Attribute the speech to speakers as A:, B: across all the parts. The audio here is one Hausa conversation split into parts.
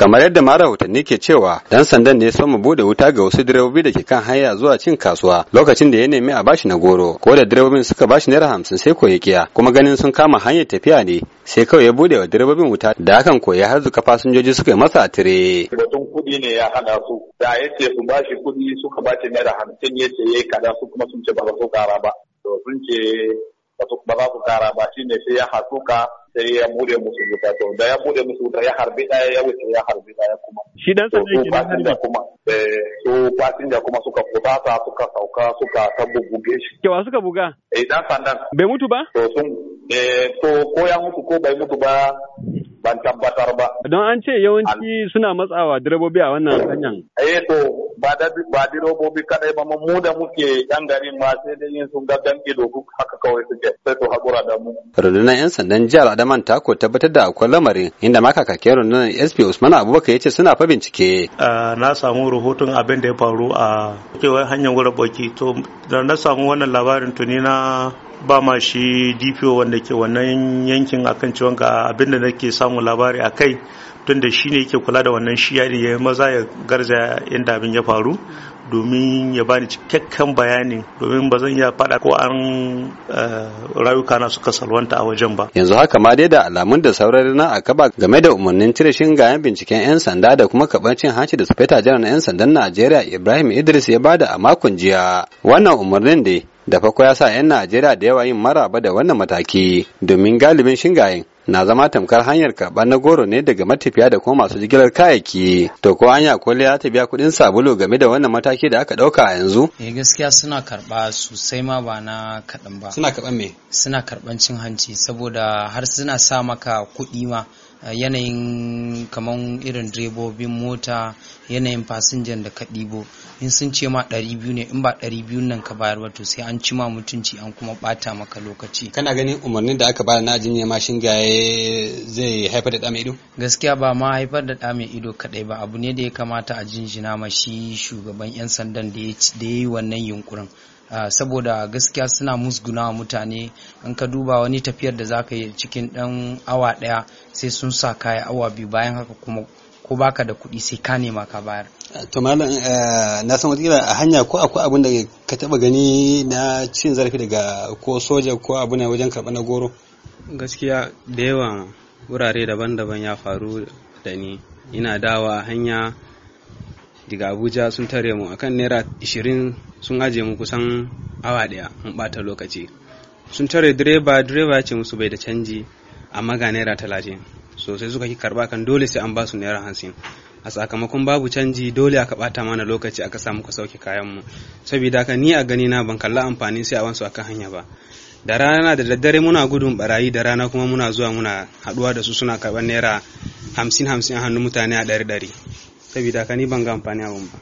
A: kamar yadda mara ke cewa dan sandan ne ya mu bude wuta ga wasu direbobi da ke kan hanya zuwa cin kasuwa lokacin da ya nemi a bashi na goro ko da direbobin suka bashi naira hamsin sai ko kiya kuma ganin sun kama hanyar tafiya ne sai kawai ya bude wa direbobin wuta da hakan koyi ya harzuka fasinjoji suka yi masa tire.
B: batun kuɗi ne ya hana su da ya ce su bashi kuɗi suka bashi naira hamsin ya ce kada su kuma sun ce ba su kara ba to sun ce ba za su kara ba shine sai ya hasuka sai ya bude musu wuta to da ya bude musu wuta ya harbi daya ya wuce ya harbi daya kuma shi dan sanin ki da kuma eh, so fasinja kuma suka fusata suka sauka suka ta buge shi kewa suka buga eh dan sandan bai mutu ba to sun eh to ko ya mutu ko bai mutu ba ban tabbatar ba. Don an ce yawanci suna matsawa direbobi a wannan hanyar. Eh to ba direbobi kadai ba mu da muke yan gari ma sai dai yin sun gaddan ido duk haka kawai suke sai su haƙura da mu.
A: Rundunar 'yan sandan jihar Adaman ta ko tabbatar da akwai lamarin inda ma kakakin rundunar SP Usman
C: Abubakar ya ce suna fa bincike. Na samu rahoton abin da ya faru a kewayen hanyar wurin boki to da na samu wannan labarin tuni na ba ma shi dpo wanda ke wannan yankin akan ciwon ga abinda nake samu labari a kai tun da shi ne yake kula da wannan shi yari ya maza ya garza inda abin ya faru domin ya bani cikakken bayani domin ba zan iya faɗa ko an eh, rayuka na suka salwanta a wajen ba.
A: Yanzu haka ma dai da alamun da saurari na a akaba game da umarnin cire shingayen binciken 'yan sanda da kuma kaɓar cin hanci da sufeta janar 'yan sandan Najeriya Ibrahim Idris ya bada a makon jiya. Wannan umarnin dai da farko ya sa 'yan najeriya da yawa yin maraba da wannan mataki domin galibin shingayen na zama tamkar hanyar karɓar na goro ne daga matafiya da kuma masu jigilar kayayyaki to ko anya ko ya biya kuɗin sabulu game da wannan mataki da aka ɗauka a yanzu
D: eh gaskiya suna karɓa sosai ma ba na kaɗan ba suna karɓan me suna karɓan cin hanci saboda har suna sa maka kuɗi ma eh, yanayin kamar irin direbobin mota yanayin fasinjan da ka ɗibo in sun ce ma ɗari biyu ne in ba ɗari biyu nan ka bayar ba to sai an ci ma mutunci an kuma bata maka lokaci kana ganin umarnin da aka bayar na jinya ma gaye zai haifar da ɗa mai ido gaskiya ba ma haifar da ɗa mai ido kaɗai ba abu ne da ya kamata a jinjina ma shi shugaban 'yan sandan da ya yi wannan yunkurin Uh, saboda gaskiya suna musguna wa mutane in ka duba wani tafiyar da za ka yi cikin ɗan awa ɗaya sai sun sa kaya awa biyu bayan haka kuma ko baka da kuɗi sai ka nema ka bayar
A: to eh, na san wata a hanya ko akwai abin da ka taba gani na cin zarafi daga ko soja ko abu ne wajen karɓar na goro
E: gaskiya da yawan wurare daban-daban ya faru da ni ina dawa hanya daga abuja sun tare mu akan naira 20 sun aje mu kusan awa ɗaya, mun bata lokaci sun tare direba direba ce musu bai da canji amma ga naira talatin sosai suka ki karba kan dole sai an ba su naira hamsin a sakamakon babu canji dole aka bata mana lokaci aka samu ka sauke kayan mu saboda haka ni a gani na ban kalla amfani sai a wansu akan hanya ba da rana da daddare muna gudun barayi da rana kuma muna zuwa muna haduwa da su suna karban naira hamsin hamsin a hannun mutane a ɗari ɗari saboda haka ni ban ga amfani abun ba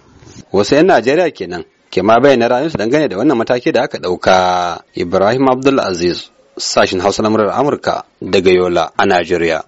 A: wasu 'yan najeriya kenan ke ma bayyana ra'ayinsu dangane da wannan mataki da aka ɗauka ibrahim abdul aziz sashin hausa na murar amurka daga yola a najeriya